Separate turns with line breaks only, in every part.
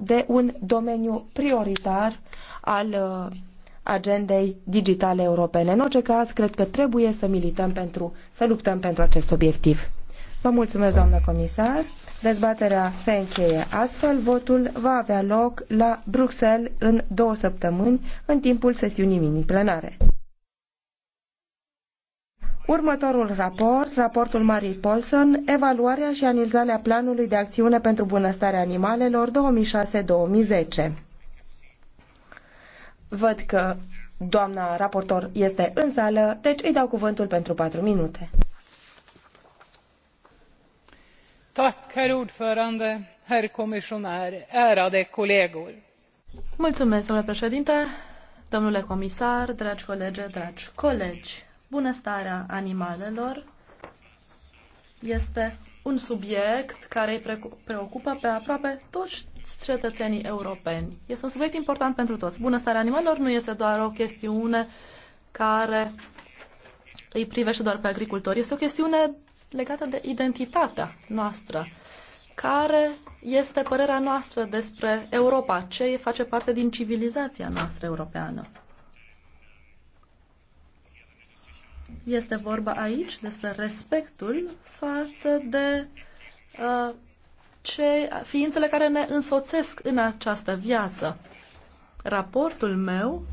de un domeniu prioritar al uh, agendei digitale europene. În orice caz, cred că trebuie să milităm pentru, să luptăm pentru acest obiectiv. Vă mulțumesc, doamnă comisar. Dezbaterea se încheie astfel. Votul va avea loc la Bruxelles în două săptămâni, în timpul sesiunii mini-plenare. Următorul raport, raportul Marii Paulson, evaluarea și analizarea planului de acțiune pentru bunăstarea animalelor 2006-2010. Văd că doamna raportor este în sală, deci îi dau cuvântul pentru 4 minute.
Mulțumesc, domnule președinte, domnule comisar, dragi colegi, dragi colegi. Bunăstarea animalelor este un subiect care îi preocupă pe aproape toți cetățenii europeni. Este un subiect important pentru toți. Bunăstarea animalelor nu este doar o chestiune care îi privește doar pe agricultori. Este o chestiune legată de identitatea noastră. Care este părerea noastră despre Europa? Ce face parte din civilizația noastră europeană? Este vorba aici despre respectul față de uh, ce, ființele care ne însoțesc în această viață. Raportul meu,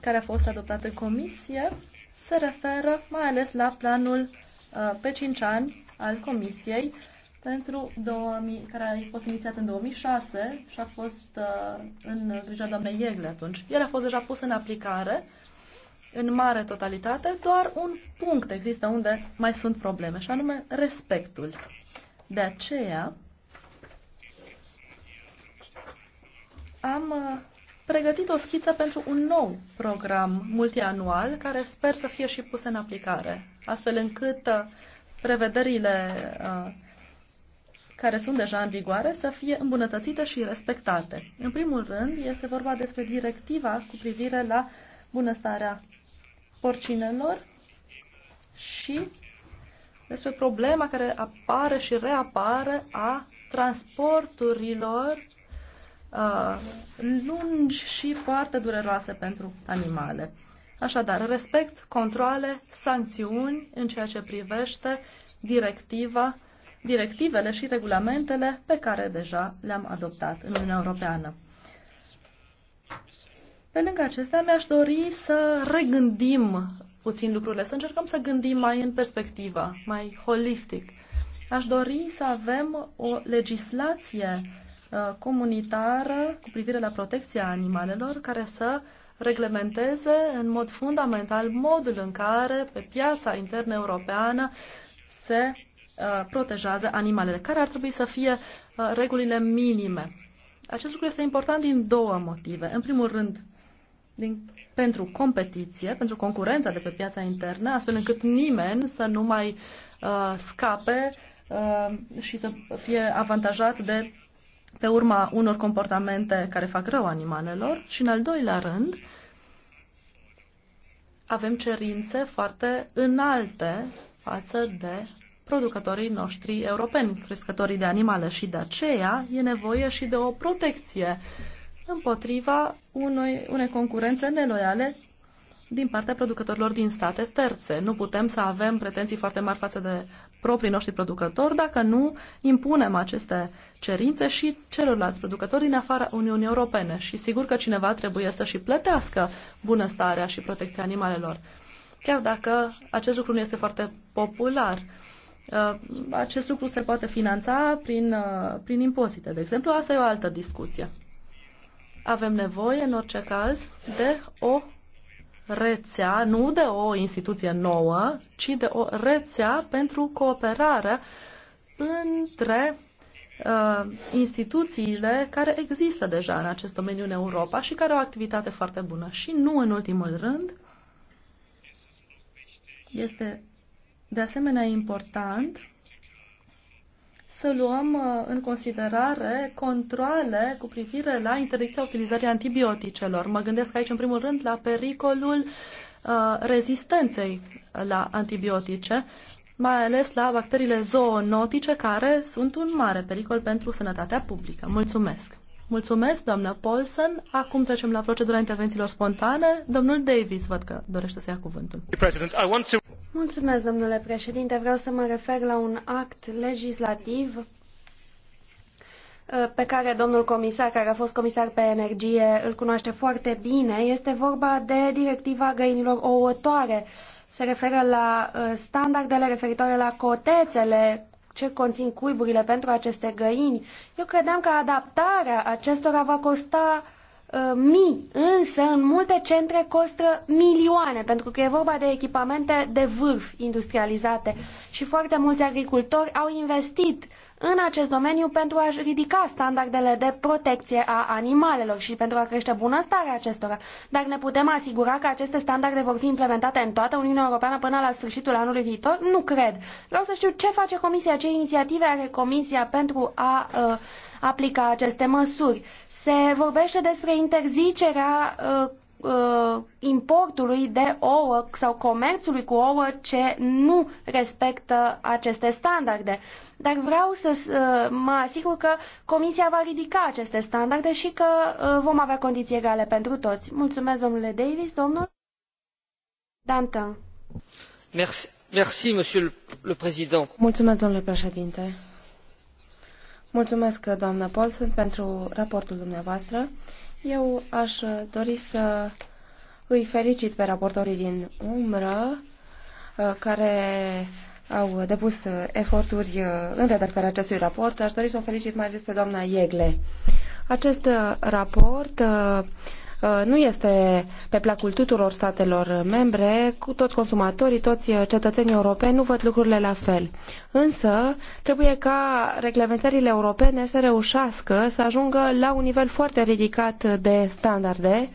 care a fost adoptat în comisie, se referă mai ales la planul uh, pe 5 ani al comisiei pentru 2000, care a fost inițiat în 2006 și a fost uh, în grija doamnei Iegle atunci. El a fost deja pus în aplicare uh, în mare totalitate, doar un punct există unde mai sunt probleme, și anume respectul. De aceea am uh, pregătit o schiță pentru un nou program multianual care sper să fie și pus în aplicare, astfel încât uh, prevederile uh, care sunt deja în vigoare să fie îmbunătățite și respectate. În primul rând, este vorba despre directiva cu privire la bunăstarea porcinelor și despre problema care apare și reapare a transporturilor uh, lungi și foarte dureroase pentru animale. Așadar, respect, controle, sancțiuni în ceea ce privește directiva, directivele și regulamentele pe care deja le-am adoptat în Uniunea Europeană. Pe lângă acestea, mi-aș dori să regândim puțin lucrurile, să încercăm să gândim mai în perspectivă, mai holistic. Aș dori să avem o legislație uh, comunitară cu privire la protecția animalelor care să reglementeze în mod fundamental modul în care pe piața internă europeană se uh, protejează animalele, care ar trebui să fie uh, regulile minime. Acest lucru este important din două motive. În primul rând, din, pentru competiție, pentru concurența de pe piața internă, astfel încât nimeni să nu mai uh, scape uh, și să fie avantajat de pe urma unor comportamente care fac rău animalelor și, în al doilea rând, avem cerințe foarte înalte față de producătorii noștri europeni, crescătorii de animale și de aceea e nevoie și de o protecție uh, împotriva unei, unei concurențe neloiale din partea producătorilor din state terțe. Nu putem să avem pretenții foarte mari față de proprii noștri producători dacă nu impunem aceste cerințe și celorlalți producători din afara Uniunii Europene. Și sigur că cineva trebuie să și plătească bunăstarea și protecția animalelor. Chiar dacă acest lucru nu este foarte popular, uh, acest lucru se poate finanța prin, uh, prin impozite. De exemplu, asta e o altă discuție. Avem nevoie, în orice caz, de o rețea, nu de o instituție nouă, ci de o rețea pentru cooperare între uh, instituțiile care există deja în acest domeniu în Europa și care au o activitate foarte bună. Și nu în ultimul rând, este de asemenea important să luăm uh, în considerare controle cu privire la interdicția utilizării antibioticelor. Mă gândesc aici, în primul rând, la pericolul uh, rezistenței la antibiotice, mai ales la bacteriile zoonotice, care sunt un mare pericol pentru sănătatea publică. Mulțumesc! Mulțumesc, doamna Paulson. Acum trecem la procedura intervențiilor spontane. Domnul Davis, văd că dorește să ia cuvântul.
Mulțumesc, domnule președinte. Vreau să mă refer la un act legislativ uh, pe care domnul comisar, care a fost comisar pe energie, îl cunoaște foarte bine. Este vorba de directiva găinilor ouătoare. Se referă la uh, standardele referitoare la cotețele ce conțin cuiburile pentru aceste găini. Eu credeam că adaptarea acestora va costa uh, mii, însă în multe centre costă milioane, pentru că e vorba de echipamente de vârf industrializate și foarte mulți agricultori au investit în acest domeniu pentru a ridica standardele de protecție a animalelor și pentru a crește bunăstarea acestora. Dar ne putem asigura că aceste standarde vor fi implementate în toată Uniunea Europeană până la sfârșitul anului viitor? Nu cred. Vreau să știu ce face Comisia, ce inițiative are Comisia pentru a uh, aplica aceste măsuri. Se vorbește despre interzicerea uh, uh, importului de ouă sau comerțului cu ouă ce nu respectă aceste standarde. Dar vreau să uh, mă asigur că Comisia va ridica aceste standarde și că uh, vom avea condiții egale pentru toți. Mulțumesc, domnule Davis, domnul Dantin. Merci, merci, monsieur le président.
Mulțumesc, domnule președinte. Mulțumesc, doamnă Paulsen, pentru raportul dumneavoastră. Eu aș dori să îi felicit pe raportorii din umbră uh, care au depus eforturi uh, în redactarea acestui raport. Aș dori să o felicit mai ales pe doamna Iegle. Acest uh, raport nu este pe placul tuturor statelor membre, cu toți consumatorii, toți uh, cetățenii europeni nu văd lucrurile la fel. Însă, trebuie ca reglementările europene să reușească să ajungă la un nivel foarte ridicat de standarde,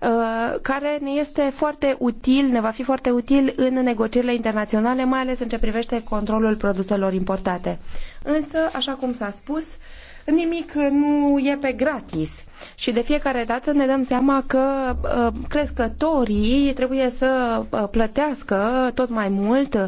uh, care ne este foarte util, ne va fi foarte util în negocierile internaționale, mai ales în ce privește controlul produselor importate. Însă, așa cum s-a spus, nimic nu e pe gratis. Și de fiecare dată ne dăm seama că uh, crescătorii trebuie să uh, plătească tot mai mult uh,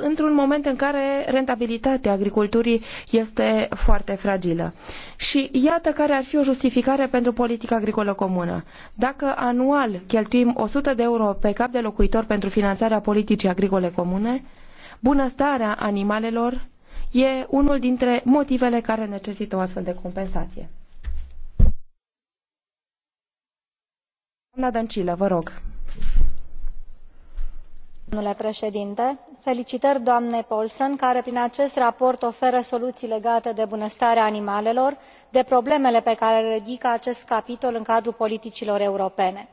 într-un moment în care rentabilitatea agriculturii este foarte fragilă. Și iată care ar fi o justificare pentru politica agricolă comună. Dacă anual cheltuim 100 de euro pe cap de locuitor pentru finanțarea politicii agricole comune, bunăstarea animalelor e unul dintre motivele care necesită o astfel de compensație.
Doamna Dăncilă, vă rog. Domnule președinte, felicitări doamnei Paulsen, care prin acest raport oferă soluții legate de bunăstarea animalelor, de problemele pe care le ridică acest capitol în cadrul politicilor europene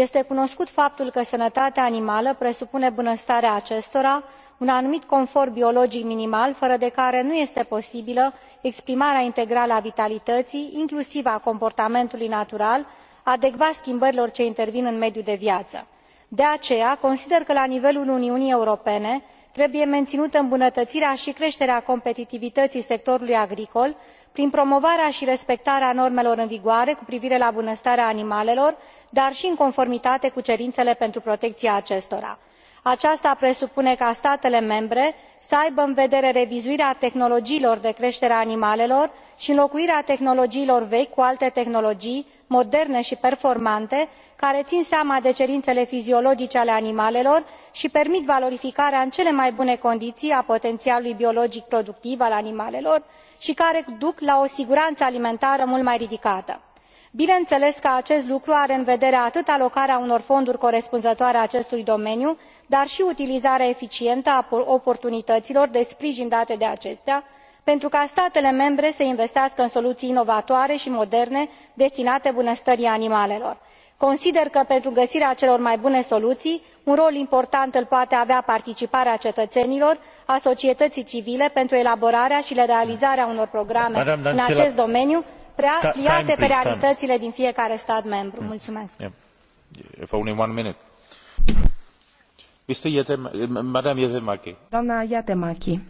este cunoscut faptul că sănătatea animală presupune bunăstarea acestora un anumit confort biologic minimal fără de care nu este posibilă exprimarea integrală a vitalității inclusiv a comportamentului natural adecvat schimbărilor ce intervin în mediul de viață. de aceea consider că la nivelul uniunii europene trebuie trebuie meninută îmbunătăirea i creterea competitivităii sectorului agricol prin promovarea i respectarea normelor în vigoare cu privire la bunăstarea animalelor dar i în conformitate cu cerinele pentru protecia acestora aceasta presupune ca statele membre să aibă în vedere revizuirea tehnologiilor de cretere a animalelor i înlocuirea tehnologiilor vechi cu alte tehnologii moderne i performante care in seama de cerinele fiziologice ale animalelor i permit valorificarea în cele mai bune condiii a potenialului biologic productiv al animalelor i care duc la o sigurană alimentară mult mai ridicată bineîneles că acest lucru are în vedere atât alocarea unor fonduri corespunzătoare acestui domeniu dar i utilizarea eficientă a oportunităilor de sprijin date de acestea pentru ca statele membre să investească în soluii inovatoare i moderne destinate bunăstării animalelor. consider că pentru găsirea celor mai bune soluii un rol important îl poate avea participarea cetăenilor a societăii civile pentru elaborarea i realizarea unor programe în acest domeniu Prea pliate pe realitățile din fiecare stat membru. Mm. doamnă jtteenmki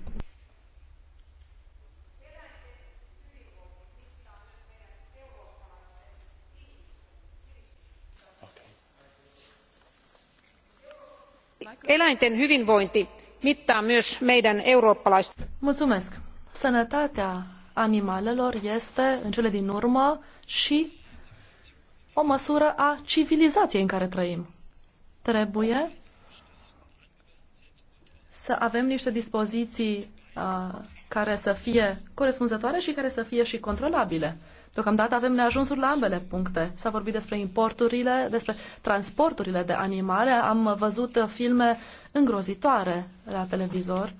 eläinten hyvinvointi mittaa myös meidän
eurooppalaisten. sănătatea animalelor este, în cele din urmă, și o măsură a civilizației în care trăim. Trebuie să avem niște dispoziții uh, care să fie corespunzătoare și care să fie și controlabile. Deocamdată avem neajunsuri la ambele puncte. S-a vorbit despre importurile, despre transporturile de animale. Am văzut filme îngrozitoare la televizor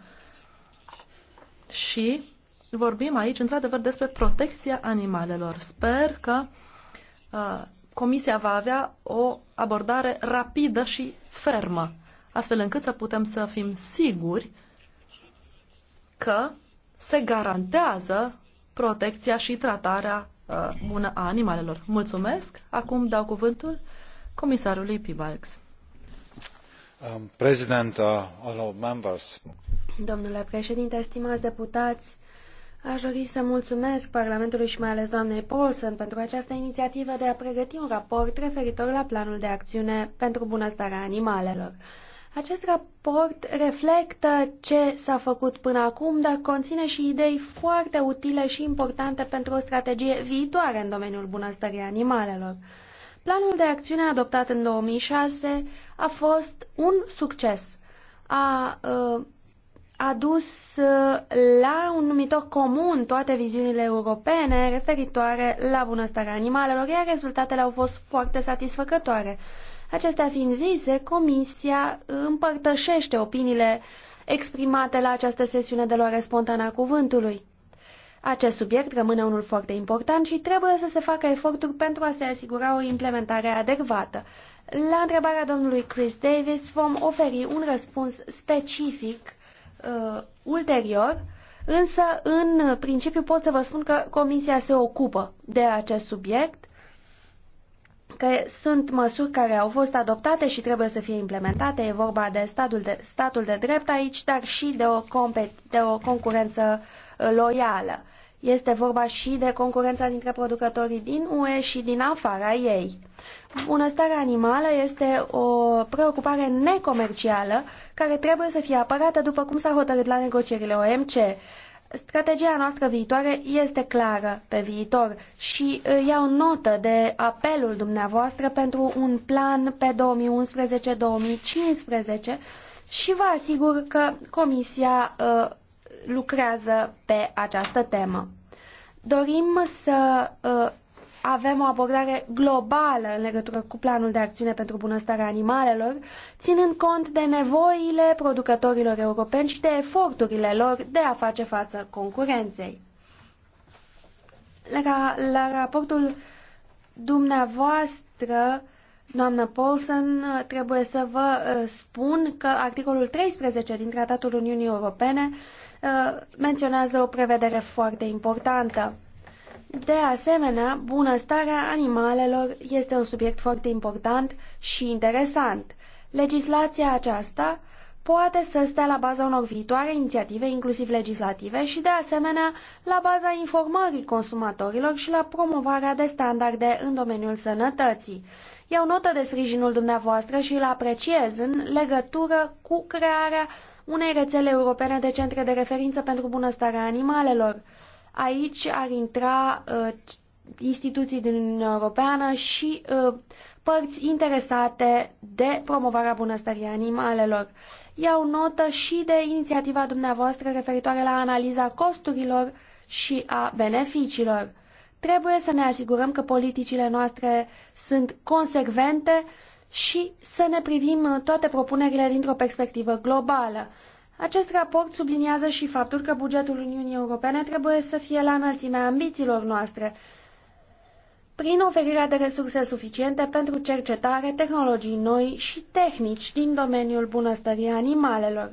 și vorbim aici, într-adevăr, despre protecția animalelor. Sper că uh, Comisia va avea o abordare rapidă și fermă, astfel încât să putem să fim siguri că se garantează protecția și tratarea uh, bună a animalelor. Mulțumesc. Acum dau cuvântul comisarului Pibalx.
Um, president, uh, members.
Domnule președinte, stimați deputați, Aș dori să mulțumesc Parlamentului și mai ales doamnei Paulson pentru această inițiativă de a pregăti un raport referitor la planul de acțiune pentru bunăstarea animalelor. Acest raport reflectă ce s-a făcut până acum, dar conține și idei foarte utile și importante pentru o strategie viitoare în domeniul bunăstării animalelor. Planul de acțiune adoptat în 2006 a fost un succes. A uh, a dus uh, la un numitor comun toate viziunile europene referitoare la bunăstarea animalelor, iar rezultatele au fost foarte satisfăcătoare. Acestea fiind zise, Comisia împărtășește opiniile exprimate la această sesiune de luare spontană a cuvântului. Acest subiect rămâne unul foarte important și trebuie să se facă eforturi pentru a se asigura o implementare adecvată. La întrebarea domnului Chris Davis vom oferi un răspuns specific uh, ulterior, însă în principiu pot să vă spun că Comisia se ocupă de acest subiect, că sunt măsuri care au fost adoptate și trebuie să fie implementate. E vorba de statul de, statul de drept aici, dar și de o, compet, de o concurență uh, loială. Este vorba și de concurența dintre producătorii din UE și din afara ei. Bunăstarea animală este o preocupare necomercială care trebuie să fie apărată după cum s-a hotărât la negocierile OMC. Strategia noastră viitoare este clară pe viitor și iau notă de apelul dumneavoastră pentru un plan pe 2011-2015 și vă asigur că Comisia uh, lucrează pe această temă. Dorim să uh, avem o abordare globală în legătură cu planul de acțiune pentru bunăstarea animalelor, ținând cont de nevoile producătorilor europeni și de eforturile lor de a face față concurenței. La, la raportul dumneavoastră, doamnă Paulson, trebuie să vă uh, spun că articolul 13 din Tratatul Uniunii Europene uh, Uh, menționează o prevedere foarte importantă. De asemenea, bunăstarea animalelor este un subiect foarte important și interesant. Legislația aceasta poate să stea la baza unor viitoare inițiative, inclusiv legislative, și de asemenea la baza informării consumatorilor și la promovarea de standarde în domeniul sănătății. Iau notă de sprijinul dumneavoastră și îl apreciez în legătură cu crearea unei rețele europene de centre de referință pentru bunăstarea animalelor. Aici ar intra uh, instituții din Uniunea Europeană și uh, părți interesate de promovarea bunăstării animalelor. Iau notă și de inițiativa dumneavoastră referitoare la analiza costurilor și a beneficiilor. Trebuie să ne asigurăm că politicile noastre sunt consecvente uh, și să ne privim uh, toate propunerile dintr-o perspectivă globală. Acest raport subliniază și faptul că bugetul Uniunii Europene trebuie să fie la înălțimea ambițiilor noastre, prin oferirea de resurse suficiente pentru cercetare, tehnologii noi și tehnici din domeniul bunăstării animalelor.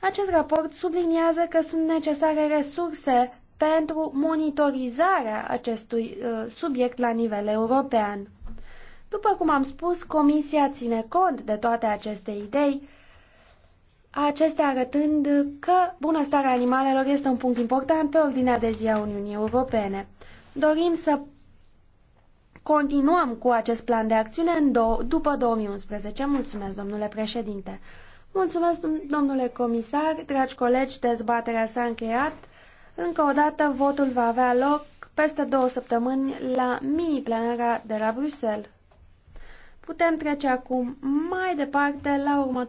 Acest raport subliniază că sunt necesare resurse pentru monitorizarea acestui uh, subiect la nivel european. După cum am spus, Comisia ține cont de toate aceste idei, acestea arătând că bunăstarea animalelor este un punct important pe ordinea de zi a Uniunii Europene. Dorim să continuăm cu acest plan de acțiune în do- după 2011. Mulțumesc, domnule președinte. Mulțumesc, domnule comisar, dragi colegi, dezbaterea s-a încheiat. Încă o dată, votul va avea loc peste două săptămâni la mini-plenara de la Bruxelles. Putem trece acum mai departe la următoarea.